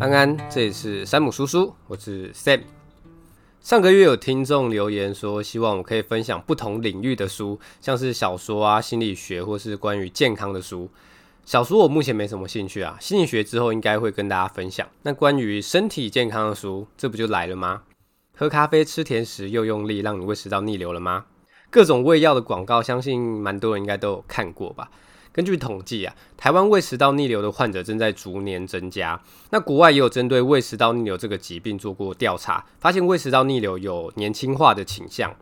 安安，這裡是山姆書書，我是 Sam。上個月有聽眾留言說，希望我可以分享不同領域的書，像是小說啊、心理學，或是關於健康的書。小說我目前沒什麼興趣啊，心理學之後應該會跟大家分享。那關於身體健康的書，這不就來了嗎？喝咖啡、吃甜食又用力，讓你胃食道逆流了嗎？各種胃藥的廣告，相信蠻多人應該都有看過吧。根據統計啊，台灣胃食道逆流的患者正在逐年增加。那國外也有針對胃食道逆流這個疾病做過調查，發現胃食道逆流有年輕化的傾向。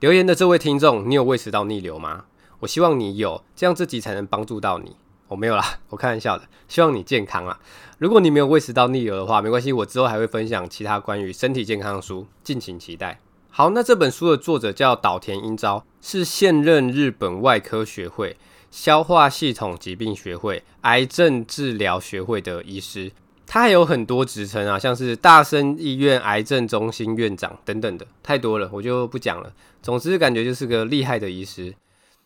留言的這位聽眾，你有胃食道逆流嗎？我希望你有，這樣這集才能幫助到你。我、哦、沒有啦，我開玩笑的。希望你健康啊！如果你沒有胃食道逆流的話，沒關係，我之後還會分享其他關於身體健康的書，敬請期待。好，那這本書的作者叫島田英昭，是現任日本外科學會。消化系統疾病學會、癌症治療學會的醫師，他還有很多職稱啊，像是大生醫院癌症中心院長等等的，太多了，我就不講了。總之，感覺就是個厲害的醫師。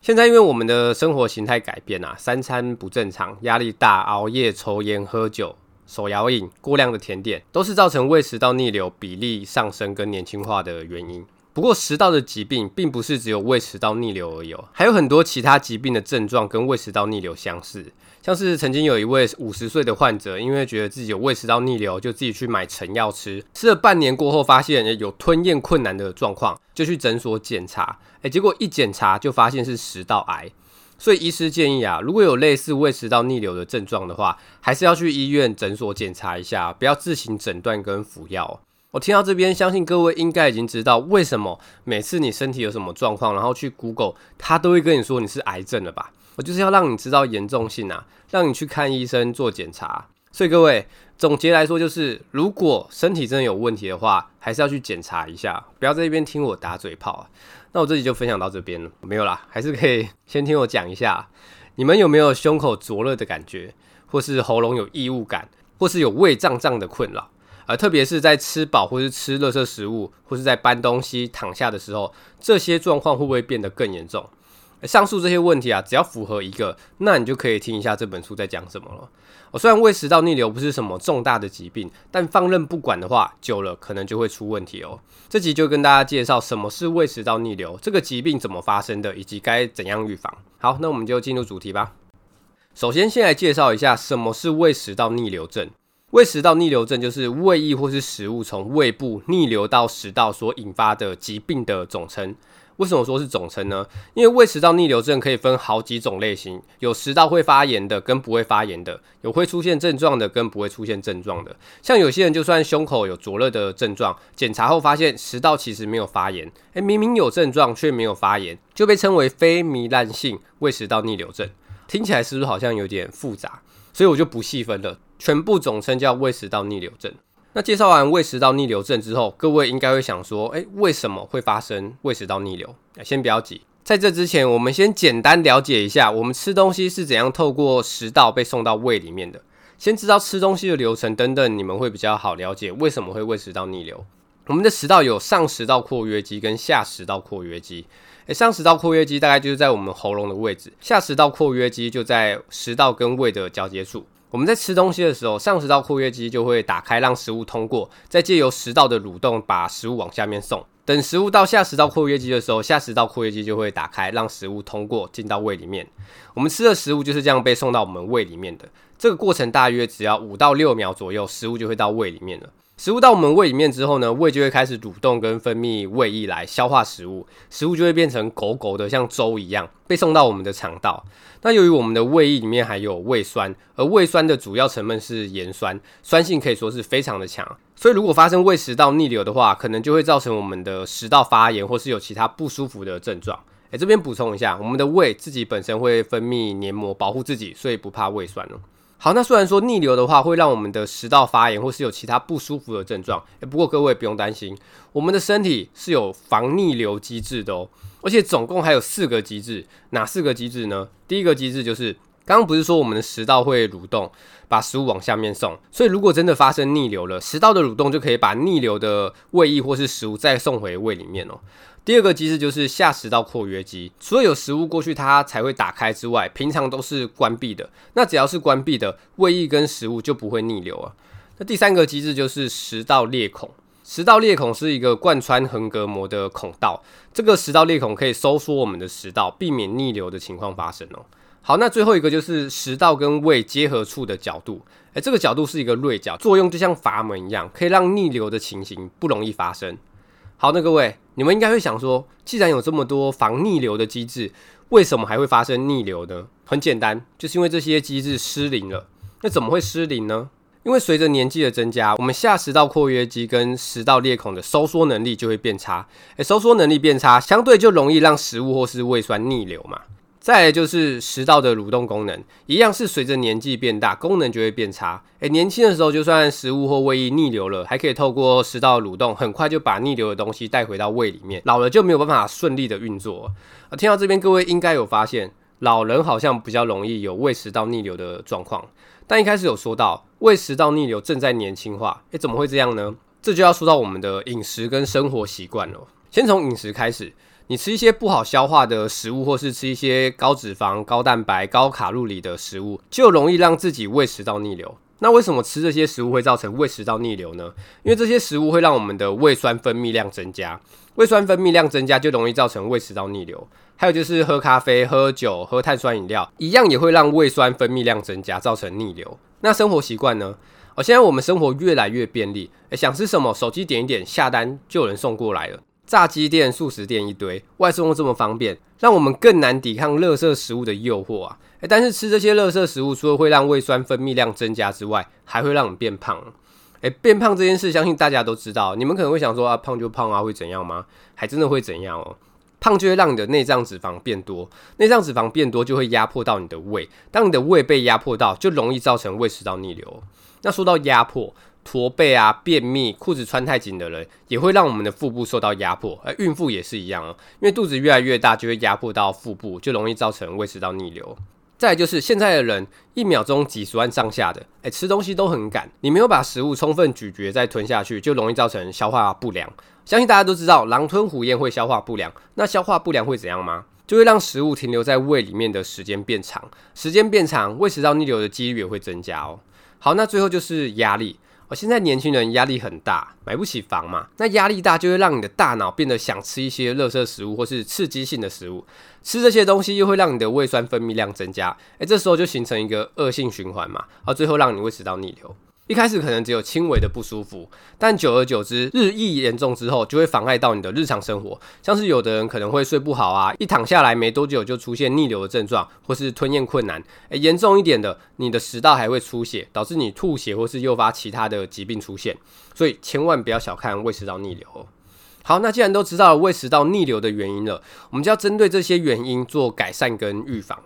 現在因為我們的生活形態改變啊，三餐不正常、壓力大、熬夜、抽菸、喝酒、手搖飲、過量的甜點，都是造成胃食道逆流比例上升跟年輕化的原因。不過，食道的疾病並不是只有胃食道逆流而有，還有很多其他疾病的症狀跟胃食道逆流相似。像是曾經有一位五十歲的患者，因為覺得自己有胃食道逆流，就自己去買成藥吃，吃了半年過後，發現有吞嚥困難的狀況，就去診所檢查，哎，結果一檢查就發現是食道癌。所以醫師建議啊，如果有類似胃食道逆流的症狀的話，還是要去醫院診所檢查一下，不要自行診斷跟服藥。我聽到這邊，相信各位應該已經知道為什麼每次你身體有什麼狀況，然後去 Google，他都會跟你說你是癌症了吧？我就是要讓你知道嚴重性啊，讓你去看醫生做檢查。所以各位總結來說，就是如果身體真的有問題的話，還是要去檢查一下，不要在這邊聽我打嘴炮啊。那我這集就分享到這邊了，沒有啦，還是可以先聽我講一下，你們有沒有胸口灼熱的感覺，或是喉嚨有異物感，或是有胃脹脹的困擾？而特別是在吃飽或是吃垃圾食物，或是在搬東西、躺下的時候，這些狀況會不會變得更嚴重？欸，上述這些問題啊，只要符合一個，那你就可以聽一下這本書在講什麼了。哦，雖然胃食道逆流不是什麼重大的疾病，但放任不管的話，久了可能就會出問題哦。這集就跟大家介紹什麼是胃食道逆流，這個疾病怎麼發生的，以及該怎樣預防。好，那我們就進入主題吧。首先，先來介紹一下什麼是胃食道逆流症。胃食道逆流症就是胃液或是食物從胃部逆流到食道所引發的疾病的總稱。為什麼說是總稱呢？因為胃食道逆流症可以分好幾種類型，有食道會發炎的跟不會發炎的，有會出現症狀的跟不會出現症狀的。像有些人就算胸口有灼熱的症狀，檢查後發現食道其實沒有發炎，誒，明明有症狀卻沒有發炎，就被稱為非糜爛性胃食道逆流症。聽起來是不是好像有點複雜？所以我就不細分了，全部總稱叫胃食道逆流症。那介紹完胃食道逆流症之後，各位應該會想說，哎、欸，為什麼會發生胃食道逆流？先不要急，在這之前，我們先簡單了解一下，我們吃東西是怎樣透過食道被送到胃裡面的。先知道吃東西的流程等等，你們會比較好了解為什麼會胃食道逆流。我們的食道有上食道括約肌跟下食道括約肌。哎，上食道括約肌大概就是在我們喉嚨的位置，下食道括約肌就在食道跟胃的交接處。我們在吃東西的時候，上食道括約肌就會打開，讓食物通過，再借由食道的蠕動把食物往下面送。等食物到下食道括約肌的時候，下食道括約肌就會打開，讓食物通過進到胃裡面。我們吃的食物就是這樣被送到我們胃裡面的。這個過程大約只要五到六秒左右，食物就會到胃裡面了。食物到我們胃裡面之後呢，胃就會開始蠕動跟分泌胃液來消化食物，食物就會變成狗狗的像粥一樣被送到我們的腸道。那由於我們的胃液裡面還有胃酸，而胃酸的主要成分是鹽酸，酸性可以說是非常的強。所以如果發生胃食道逆流的話，可能就會造成我們的食道發炎或是有其他不舒服的症狀。誒，這邊補充一下，我們的胃自己本身會分泌黏膜保護自己，所以不怕胃酸哦。好，那雖然說逆流的話會讓我們的食道發炎或是有其他不舒服的症狀，不過各位不用擔心，我們的身體是有防逆流機制的哦，而且總共還有四個機制，哪四個機制呢？第一個機制就是。剛剛不是說我們的食道會蠕動，把食物往下面送，所以如果真的發生逆流了，食道的蠕動就可以把逆流的胃液或是食物再送回胃裡面哦、喔。第二個機制就是下食道括約肌，除了有食物過去它才會打開之外，平常都是關閉的。那只要是關閉的，胃液跟食物就不會逆流啊。那第三個機制就是食道裂孔，食道裂孔是一個貫穿橫隔膜的孔道，這個食道裂孔可以收縮我們的食道，避免逆流的情況發生哦、喔。好，那最後一個就是食道跟胃結合處的角度，誒、欸，這個角度是一個銳角，作用就像閥門一樣，可以讓逆流的情形不容易發生。好，那各位，你們應該會想說，既然有這麼多防逆流的機制，為什麼還會發生逆流呢？很簡單，就是因為這些機制失靈了。那怎麼會失靈呢？因為隨着年紀的增加，我們下食道括約肌跟食道裂孔的收縮能力就會變差，誒、欸，收縮能力變差，相對就容易讓食物或是胃酸逆流嘛。再來就是食道的蠕動功能，一樣是隨着年紀變大，功能就會變差。哎，欸，年輕的時候就算食物或胃液逆流了，還可以透過食道的蠕動，很快就把逆流的東西帶回到胃裡面。老了就沒有辦法順利的運作。啊，聽到這邊各位應該有發現，老人好像比較容易有胃食道逆流的狀況。但一開始有說到胃食道逆流正在年輕化，哎，欸，怎麼會這樣呢？這就要說到我們的飲食跟生活習慣了。先從飲食開始。你吃一些不好消化的食物，或是吃一些高脂肪、高蛋白、高卡路里的食物，就容易讓自己胃食道逆流。那為什麼吃這些食物會造成胃食道逆流呢？因為這些食物會讓我們的胃酸分泌量增加，胃酸分泌量增加就容易造成胃食道逆流。還有就是喝咖啡、喝酒、喝碳酸飲料，一樣也會讓胃酸分泌量增加，造成逆流。那生活習慣呢？哦，現在我們生活越來越便利，欸，想吃什麼，手機點一點，下單就有人送過來了。炸雞店、速食店一堆，外送這麼方便，讓我們更難抵抗垃圾食物的誘惑啊。欸，但是吃這些垃圾食物，除了會讓胃酸分泌量增加之外，還會讓我們變胖。欸，變胖這件事，相信大家都知道。你們可能會想說啊，胖就胖啊，會怎樣嗎？還真的會怎樣哦！胖就會讓你的內臟脂肪變多，內臟脂肪變多就會壓迫到你的胃。當你的胃被壓迫到，就容易造成胃食道逆流。那說到壓迫。駝背啊，便秘，褲子穿太緊的人也會讓我們的腹部受到壓迫，而、欸、孕婦也是一樣哦，因為肚子越來越大，就會壓迫到腹部，就容易造成胃食道逆流。再來就是現在的人一秒鐘幾十萬上下的，哎、欸，吃東西都很趕，你沒有把食物充分咀嚼，再吞下去，就容易造成消化不良。相信大家都知道，狼吞虎咽會消化不良，那消化不良會怎樣嗎？就會讓食物停留在胃裡面的時間變長，時間變長，胃食道逆流的幾率也會增加哦。好，那最後就是壓力。我現在年輕人壓力很大，買不起房嘛，那壓力大就會讓你的大腦變得想吃一些垃圾食物或是刺激性的食物，吃這些東西又會讓你的胃酸分泌量增加，哎、欸，這時候就形成一個惡性循環嘛，而最後讓你胃食道逆流。一開始可能只有輕微的不舒服，但久而久之，日益嚴重之後，就會妨礙到你的日常生活。像是有的人可能會睡不好啊，一躺下來沒多久就出現逆流的症狀，或是吞咽困難。欸，嚴重一點的，你的食道還會出血，導致你吐血或是誘發其他的疾病出現。所以千萬不要小看胃食道逆流喔。好，那既然都知道了胃食道逆流的原因了，我們就要針對這些原因做改善跟預防。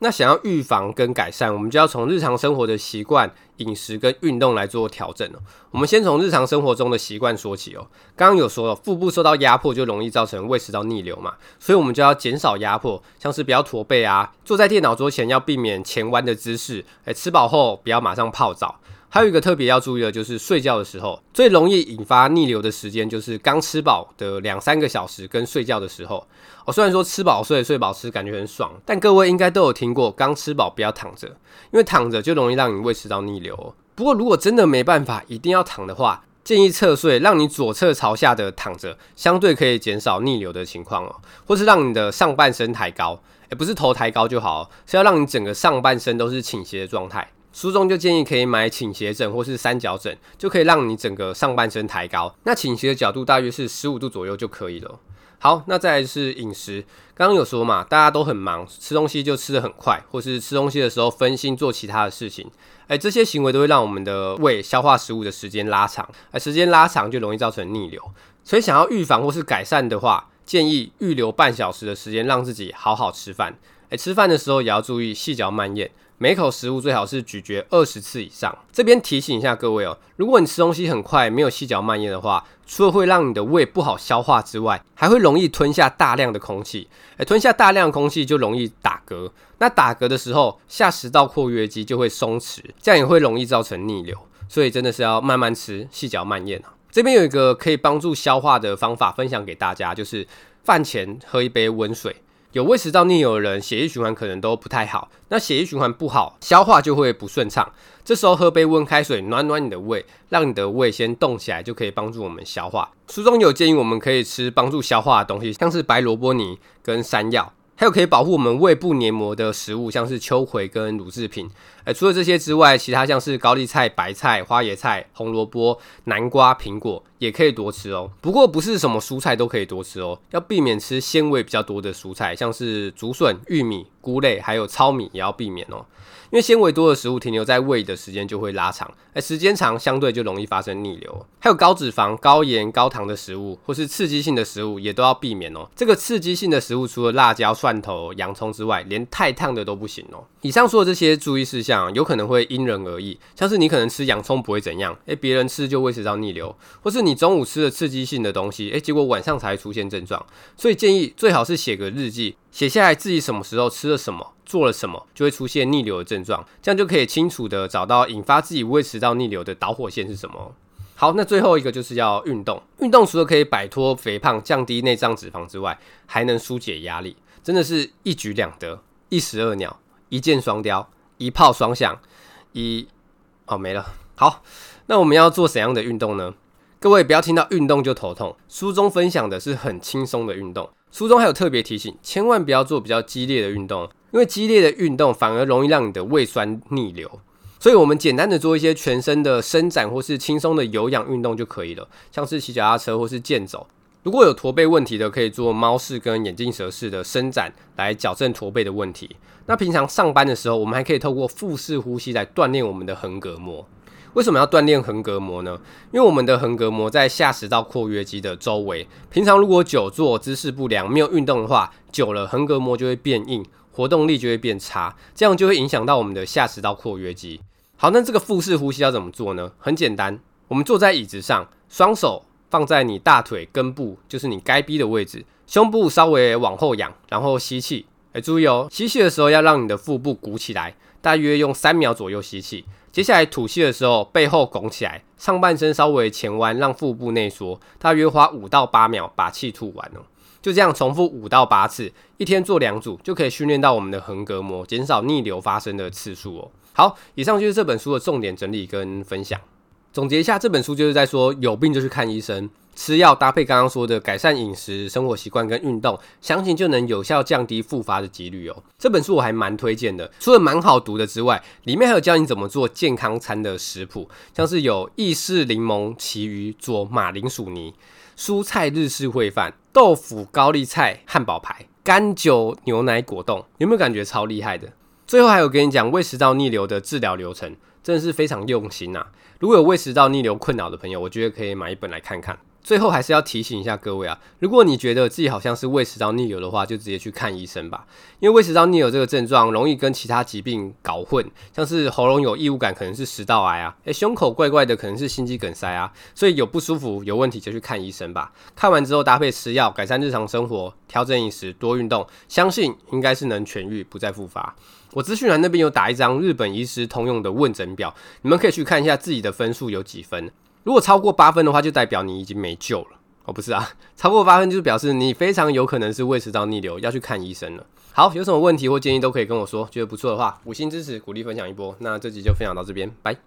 那想要預防跟改善，我們就要從日常生活的習慣、飲食跟運動來做調整喔。我們先從日常生活中的習慣說起哦喔。剛剛有說了喔，腹部受到壓迫就容易造成胃食道逆流嘛，所以我們就要減少壓迫，像是不要駝背啊，坐在電腦桌前要避免前彎的姿勢，欸，吃飽後不要馬上泡澡。還有一個特別要注意的，就是睡覺的時候，最容易引發逆流的時間，就是剛吃飽的兩三個小時跟睡覺的時候。我、哦、雖然說吃飽睡，睡飽吃，感覺很爽，但各位應該都有聽過，剛吃飽不要躺着，因為躺着就容易讓你胃食道逆流、哦。不過如果真的沒辦法，一定要躺的話，建議側睡，讓你左側朝下的躺着，相對可以減少逆流的情況哦。或是讓你的上半身抬高，欸、不是頭抬高就好、哦，是要讓你整個上半身都是傾斜的狀態。書中就建議可以買傾斜枕，或是三角枕，就可以讓你整個上半身抬高。那傾斜的角度大約是十五度左右就可以了。好，那再來是飲食，剛剛有說嘛，大家都很忙，吃東西就吃得很快，或是吃東西的時候分心做其他的事情，誒、欸、這些行為都會讓我們的胃消化食物的時間拉長，而、欸、時間拉長就容易造成逆流。所以想要預防或是改善的話，建議預留半小時的時間，讓自己好好吃飯。哎，吃飯的時候也要注意細嚼慢嚥，每口食物最好是咀嚼二十次以上。這邊提醒一下各位哦，如果你吃東西很快，沒有細嚼慢嚥的話，除了會讓你的胃不好消化之外，還會容易吞下大量的空氣。誒，吞下大量的空氣就容易打嗝。那打嗝的時候，下食道括約肌就會鬆弛，這樣也會容易造成逆流。所以真的是要慢慢吃，細嚼慢嚥啊。這邊有一個可以幫助消化的方法分享給大家，就是飯前喝一杯溫水。有胃食道逆流的人，血液循環可能都不太好。那血液循環不好，消化就會不順暢。這時候喝杯溫開水，暖暖你的胃，讓你的胃先動起來，就可以幫助我們消化。書中有建議，我們可以吃幫助消化的東西，像是白蘿蔔泥跟山藥，還有可以保護我們胃部黏膜的食物，像是秋葵跟乳制品。哎，除了這些之外，其他像是高麗菜、白菜、花椰菜、紅蘿蔔、南瓜、蘋果也可以多吃哦。不過不是什麼蔬菜都可以多吃哦，要避免吃纖維比較多的蔬菜，像是竹筍、玉米、菇類，還有糙米也要避免哦。因為纖維多的食物停留在胃的時間就會拉長，哎，時間長相對就容易發生逆流。還有高脂肪、高鹽、高糖的食物，或是刺激性的食物也都要避免哦。這個刺激性的食物除了辣椒、蒜頭、洋蔥之外，連太燙的都不行哦。以上說的這些注意事項。有可能會因人而異，像是你可能吃洋蔥不會怎樣，哎，別人吃就會胃食道逆流，或是你中午吃了刺激性的東西，哎，結果晚上才出現症狀，所以建議最好是寫個日記，寫下來自己什麼時候吃了什麼、做了什麼就會出現逆流的症狀，這樣就可以清楚的找到引發自己胃食道逆流的導火線是什麼。好，那最後一個就是要運動，運動除了可以擺脫肥胖、降低內臟脂肪之外，還能紓解壓力，真的是一舉兩得、一石二鳥、一箭雙雕，雕。一炮雙響，一哦沒了。好，那我們要做怎樣的運動呢？各位不要聽到運動就頭痛。書中分享的是很輕鬆的運動，書中還有特別提醒，千萬不要做比較激烈的運動，因為激烈的運動反而容易讓你的胃酸逆流。所以我們簡單的做一些全身的伸展或是輕鬆的有氧運動就可以了，像是騎腳踏車或是健走。如果有駝背問題的，可以做貓式跟眼鏡蛇式的伸展來矯正駝背的問題。那平常上班的時候，我們還可以透過腹式呼吸來鍛鍊我們的橫膈膜。為什麼要鍛鍊橫膈膜呢？因為我們的橫膈膜在下食道括約肌的周圍。平常如果久坐姿勢不良、沒有運動的話，久了橫膈膜就會變硬，活動力就會變差，這樣就會影響到我們的下食道括約肌。好，那這個腹式呼吸要怎麼做呢？很簡單，我們坐在椅子上，雙手。放在你大腿根部，就是你該逼的位置。胸部稍微往後仰，然後吸氣。誒，注意哦，吸氣的時候要讓你的腹部鼓起來，大約用三秒左右吸氣。接下來吐氣的時候，背後拱起來，上半身稍微前彎，讓腹部內縮，大約花五到八秒把氣吐完哦。就這樣重複五到八次，一天做兩組，就可以訓練到我們的橫膈膜，減少逆流發生的次數哦。好，以上就是這本書的重點整理跟分享。總結一下，這本書就是在說，有病就去看醫生，吃藥搭配剛剛說的改善飲食、生活習慣跟運動，相信就能有效降低復發的幾率哦。這本書我還蠻推薦的，除了蠻好讀的之外，裡面還有教你怎麼做健康餐的食譜，像是有義式檸檬旗魚佐馬鈴薯泥、蔬菜日式燴飯、豆腐高麗菜漢堡排、甘酒牛奶果凍，有沒有感覺超厲害的？最後還有跟你講胃食道逆流的治療流程。真的是非常用心吶、啊！如果有胃食道逆流困擾的朋友，我覺得可以買一本來看看。最後還是要提醒一下各位啊，如果你覺得自己好像是胃食道逆流的話，就直接去看醫生吧。因為胃食道逆流這個症狀容易跟其他疾病搞混，像是喉嚨有異物感可能是食道癌啊，欸，胸口怪怪的可能是心肌梗塞啊。所以有不舒服、有問題就去看醫生吧。看完之後搭配吃藥、改善日常生活、調整飲食、多運動，相信應該是能痊癒，不再復發。我資訊欄那邊有打一張日本醫師通用的問診表，你們可以去看一下自己的分數有幾分。如果超過八分的話，就代表你已經沒救了。哦，不是啊，超過八分就是表示你非常有可能是胃食道逆流，要去看醫生了。好，有什麼問題或建議都可以跟我說。覺得不錯的話，五星支持，鼓勵分享一波。那這集就分享到這邊，拜。